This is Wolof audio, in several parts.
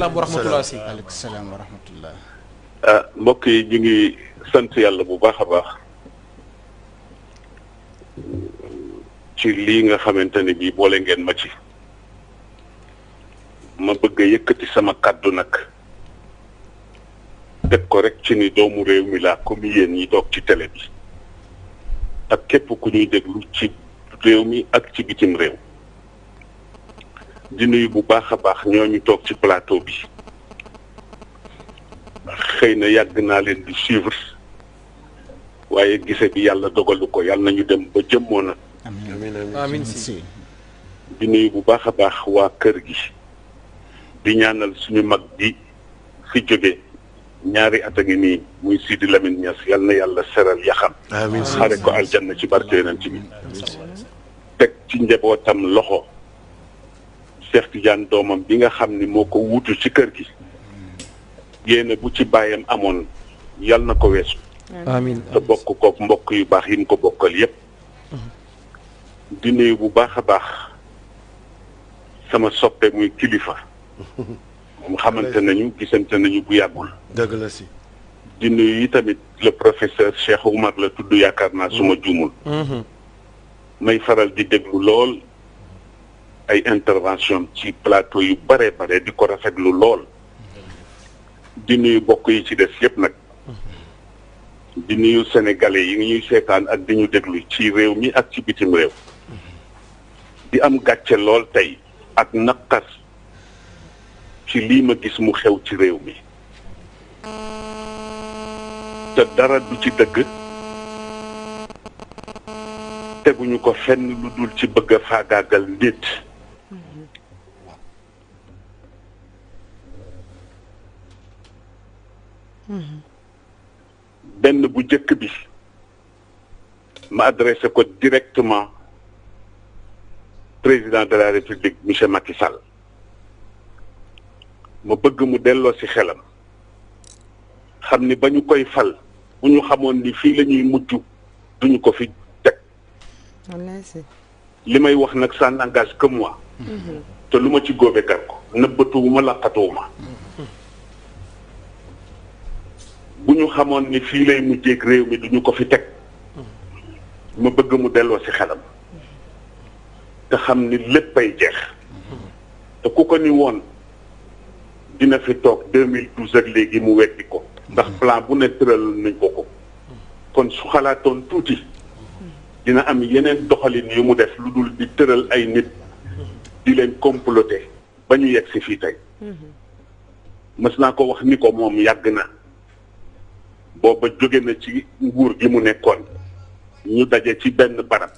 salaam wa rahmatulah mbokk yi ñu ngi sant yàlla bu baax a baax ci lii nga xamante ne bii boole ngeen ma ci ma bëgg a yëkkati sama kàddu nag teg ko rek ci ni doomu réew mi laa comme yéen ñi toog ci télé bi ak képp ku ñuy déglu ci réew mi ak ci bitim réew. di nuyu bu baax a baax ñoo ñooñu toog ci plateau bi xëy na yàgg naa leen di suivre waaye gise bi yàlla dogalu ko yàlla nañu dem ba jëmmoon na. amiin amiin bu baax a baax waa kër gi di ñaanal suñu mag bi fi jóge ñaari at a ngi nii muy Sidi Lamine Niass na yàlla seral yaxam amiin xare ko na ci barke ci bi teg ci njabootam loxo. Cheikh Tidiane doomam bi nga xam ni moo ko wutu ci kër gi yéene bu ci bàyyam amoon yal na ko weesu amiin bokk ko mbokk yu baax yi mu ko bokkal yépp di nuyu bu baax a baax sama soppe muy kilifa moom xamante nañu gisante nañu bu yàggul dëgg la si di nuyu tamit le professeur Cheikh Oumar la tudd yaakaar naa suma juumul may faral di déglu lool ay intervention ci plateau yu bare bare di ko rafetlu lool di nuyu bokk yi ci des yëpp nag di nuyu sénégalais yi ñuy seetaan ak di ñu déglu ci réew mi ak ci bitim réew di am gàcce lool tey ak naqar ci lii ma gis mu xew ci réew mi te dara du ci dëgg teguñu ko fenn lu dul ci bëgg a faagaagal nit benn bu jëkk bi ma adressé ko directement président de la république monsieur Macky Sall ma bëgg mu delloo ci xelam xam ni ba ñu koy fal bu ñu xamoon ni fii la ñuy mujj duñu ko fi teg li may wax nag ça n'engage que moi mhm. te lu ma ci góobe gar ko nëbbatuwuma laqatuwuma bu ñu xamoon ni fii lay mujjeeg réew mi duñu ko fi teg ma bëgg mu delloo si xelam te xam ni léppay jeex te ku ko ni woon dina fi toog 2012 ak léegi mu weddi ko ndax plan bu ne tëral nañ ko ko kon su xalaatoon tuuti dina am yeneen doxalin yu mu def lu dul di tëral ay nit di leen comploter ba ñu yegg si fii tey mas mm-hmm. naa ko wax ni ko moom yàgg na booba jóge na ci nguur gi mu nekkoon ñu daje ci benn barab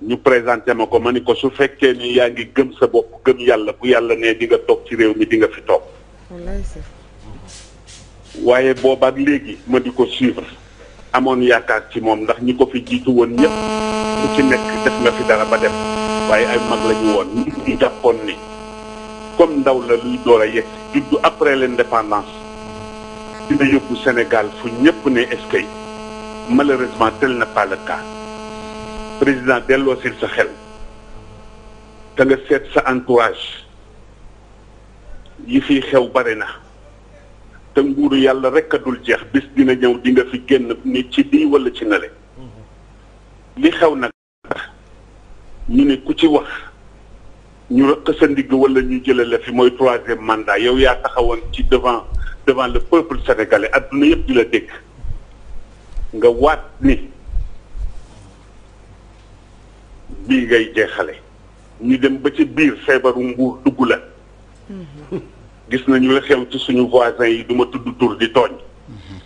ñu présenter ma ko ma ni ko su fekkee ni yaa ngi gëm sa bopp gëm yàlla bu yàlla ne di nga toog ci réew mi di nga fi toog waaye booba ak léegi ma di ko suivre amoon yaakaar ci moom ndax ñi ko fi jiitu woon ñëpp ku ci nekk def nga fi dara ba dem waaye ay mag lañu ñu woon ñu jàppoon ni comme ndaw la luy door a di juddu après l'indépendance dina yóbbu Sénégal fu ñëpp ne eskay malheureusement tel na pas le cas président delloo sil sa xel te nga seet sa entourage yi fi xew bari na te nguuru yàlla rek a dul jeex bis dina ñëw di nga fi génn ni ci lii wala ci nale li xew nag ñu ne ku ci wax ñu rëq sa ndigg wala ñu jëlale fi mooy troisième mandat yow yaa taxawoon ci devant devant le peuple sénégalais adduna yëpp di la dégg nga waat ni bii ngay jeexale ñu dem ba ci biir feebaru mbuur dugg la mm-hmm. gis nañu la xew ci suñu voisins yi duma tudd tur di tooñ mm-hmm.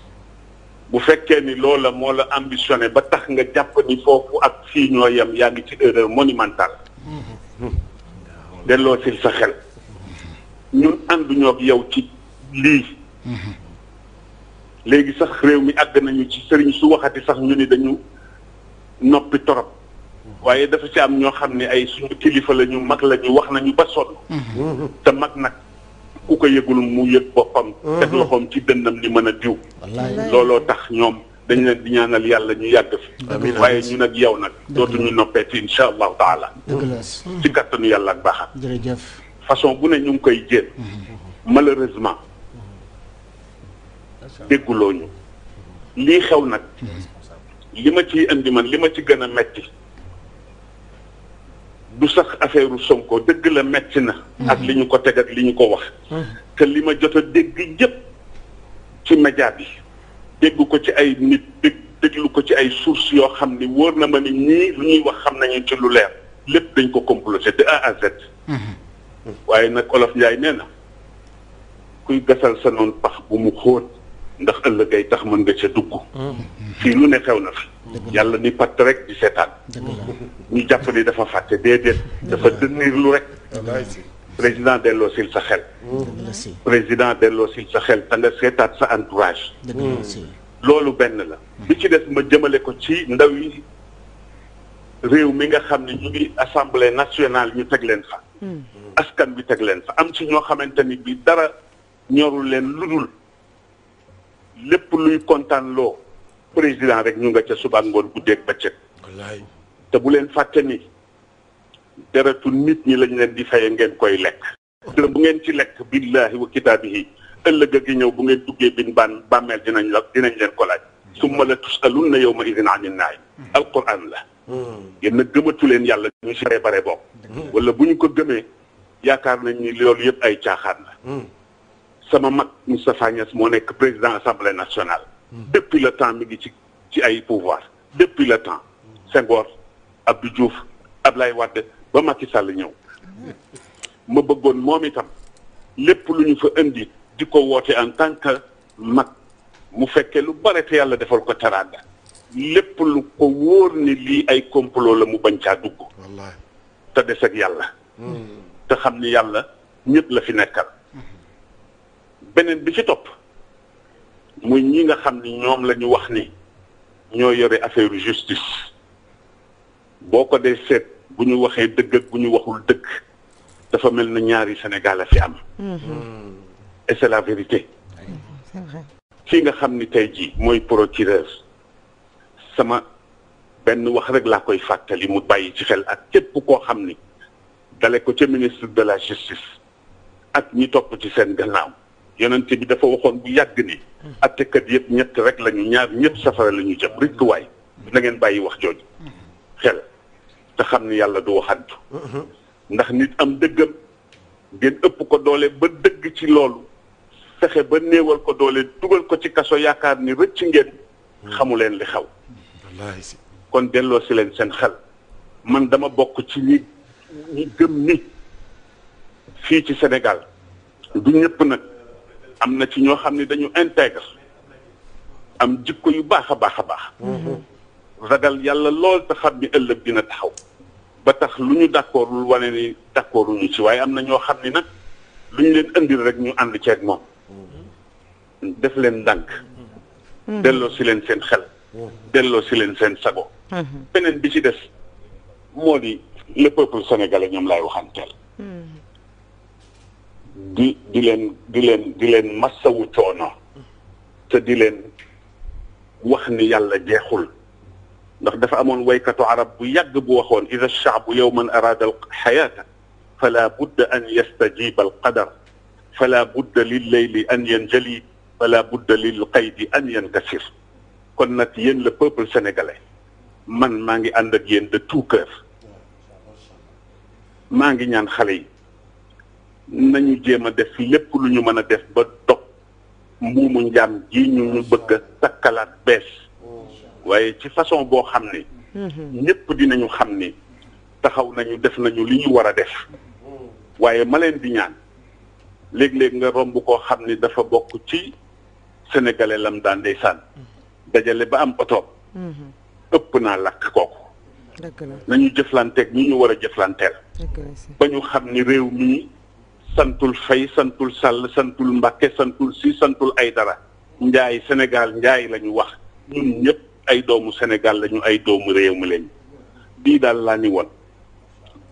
bu fekkee ni loola moo la ambitionné ba tax nga jàpp ni foofu ak fii ñoo yem yaa ngi ci erreur monumentale mm-hmm. delloo si sa xel ñun ànduñoo ak yow ci lii léegi sax réew mi àgg nañu ci sëriñ su waxati sax ñu ni dañu noppi torop waaye dafa ci am ñoo xam ne ay suñu kilifa la ñu mag la ñu wax nañu ba sonn te mag nag ku ko yëgul mu yëg boppam teg loxoom ci dënnam ni mën a diw looloo tax ñoom dañ leen di ñaanal yàlla ñu yàgg fi waaye ñu nag yow nag dootuñu noppeeti insha allahu taala ci kattanu yàlla ak baaxam jërëjëf façon bu ne ñu ngi koy jéem mm-hmm. malheureusement dégguloo ñu lii xew nag li ma ciy indi man li ma ci gën a metti du sax affaire Sonko dégg la metti na ak li ñu ko teg ak li ñu ko wax te li ma jot a dégg yëpp ci média bi dégg ko ci ay nit dégg déglu ko ci ay sources yoo xam ni wóor na ma ni ñii lu ñuy wax xam nañu ci lu leer lépp dañ ko comploté de A à Z mhm. waaye nag olof Njaay nee na kuy gasal sa noonu pax bu mu xóot ndax ëllëg ay tax mën nga ca dugg. fii lu ne xew na fa. yàlla ni patt rek di seetaan. ñu jàpp ni dafa fàtte déedéet. dafa dënniir lu rek. président dello sil sa xel. président delloo sil sa xel da nga seetaat sa entourage. loolu benn la. bi ci des ma jëmale ko ci ndaw yi réew mi nga xam ne ñu ngi assemblée nationale ñu teg leen fa. Hmm. askan bi teg leen fa am ci ñoo xamante ni bi dara ñorul leen ludul. lépp luy kontaan loo président rek ñu nga ca suba ngoon guddeeg bëccëg te bu leen fàtte ni deretu nit ñi lañu leen di faye ngeen koy lekk dërëm bu ngeen ci lekk billaahi wa kitaabihi ëllëg a gi ñëw bu ngeen duggee bin baan bàmmeel dinañ la dinañ leen ko laaj summa la tusalun na yow ma idin anin naay hmm. alquran la hmm. yéen nag gëmatu leen yàlla ñu si bare bare hmm. wala bu ñu ko gëmee yaakaar nañ ni loolu yëpp ay caaxaan la sama mag Moustapha Niass moo nekk président assemblée nationale. Hmm. depuis la temps mi ngi ci ci ay pouvoir depuis le temps Senghor juuf Diouf lay Wade ba Macky Sall ñëw hmm. ma bëggoon moom itam lépp lu ñu fa indi di ko woote en tant que mag mu fekkee lu bare te yàlla defal ko teraanga lépp lu ko wóor ni lii ay complot la mu bañ caa dugg. te des ak yàlla. Hmm. te xam ni yàlla ñëpp la fi nekkal. beneen bi ci topp muy ñi nga xam ni ñoom la wax ni ñoo yore affaire justice boo ko dee seet bu ñu waxee dëgg ak bu ñu waxul dëgg dafa mel na ñaari Sénégal a fi am. Mm-hmm. et c'est la vérité. c'est kii nga xam ni tey jii mooy procureur sama benn wax rek laa koy fàttali mu bàyyi ci xel ak képp koo xam ni dale ko ca ministre de la justice ak ñi topp ci seen gannaaw. yonent bi dafa waxoon bu yàgg ni attekat yëpp ñett rek lañu ñaar ñëpp safara la ñu jëm rikkuwaay na ngeen bàyyi wax jooju xel te xam ni yàlla du waxantu ndax nit am dëggam ngeen ëpp ko doole ba dëgg ci loolu fexe ba néewal ko doole dugal ko ci kaso yaakaar ni rëcc ngeen xamu leen li xaw kon delloo si leen seen xel man dama bokk ci ñi ñi gëm ni fii ci senegal du ñëpp nag am na ci ñoo xam ne dañu intègre am jikko yu baax a baax a baax mm-hmm. ragal yàlla lool te xam ni ëllëg dina taxaw ba tax lu ñu d'accordul wane ni ci waaye am na ñoo xam ni nag lu ñu leen indil rek ñu ànd ceeg moom mm-hmm. def leen ndànk mm-hmm. delloo si leen seen xel delloo si leen seen sago beneen bi ci des moo di le peuple ñoom laay waxanteel di di leen di wu di coono te di leen wax ni yàlla jeexul ndax dafa amoon waykatu arab bu yàgg bu waxoon ida shaabu yowman araada al xayaata fala budda an yastajiba al qadar fala budda lil layli an yanjali fala budda lil qaydi an yankasir kon nag yéen le peuple sénégalais man maa ngi ànd ak yéen de tout cœur maa ngi ñaan xale nañu jéem a def lépp lu ñu mën a def ba dog mbuumu njaam ji ñu ñu bëgg a takkalaat bees waaye ci façon boo xam ne mhm. ñëpp dinañu xam ni taxaw nañu def nañu li ñu war a def waaye ma leen di ñaan léeg-léeg nga romb koo xam ni dafa bokk ci sénégalais lam daan ndeysaan dajale ba am oto mhm. ëpp naa lakk kooku nañu jëflanteeg ñi ñu war a jëflanteel ba ñu xam ni réew mii santul fay santul sàll santul mbàkke santul si santul ay dara njaay sénégal njaay lañu wax ñun ñépp ay doomu senegal lañu ay doomu réew mi lañu bii daal laa ni woon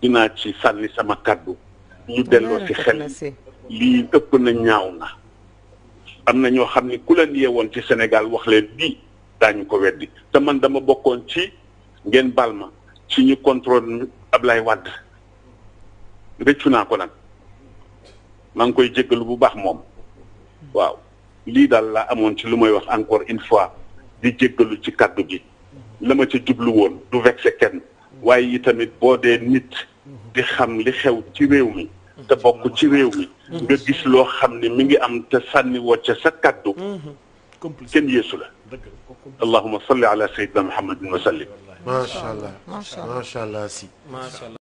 dinaa ci sànni sama kàddu ñu delloo si xel lii ëpp na ñaaw na am na ñoo xam ni ku leen woon ci sénégal wax leen lii daañu ko weddi te man dama bokkoon ci ngeen baal ma ci ñu contrôle Ablaye Wade rëccu naa ko nag maa ngi koy jéggalu bu baax moom waaw lii daal laa amoon ci lu may wax encore une fois di jéggalu ci kàddu gi la ci jublu woon du vexé kenn waaye itamit boo dee nit di xam li xew ci réew mi te bokk ci réew mi nga gis loo xam ni mi ngi am te sànni wocce sa kàddu kenn yeesu la allahuma salli ala sayyidina muhammadin wa sallim macha allah macha allah si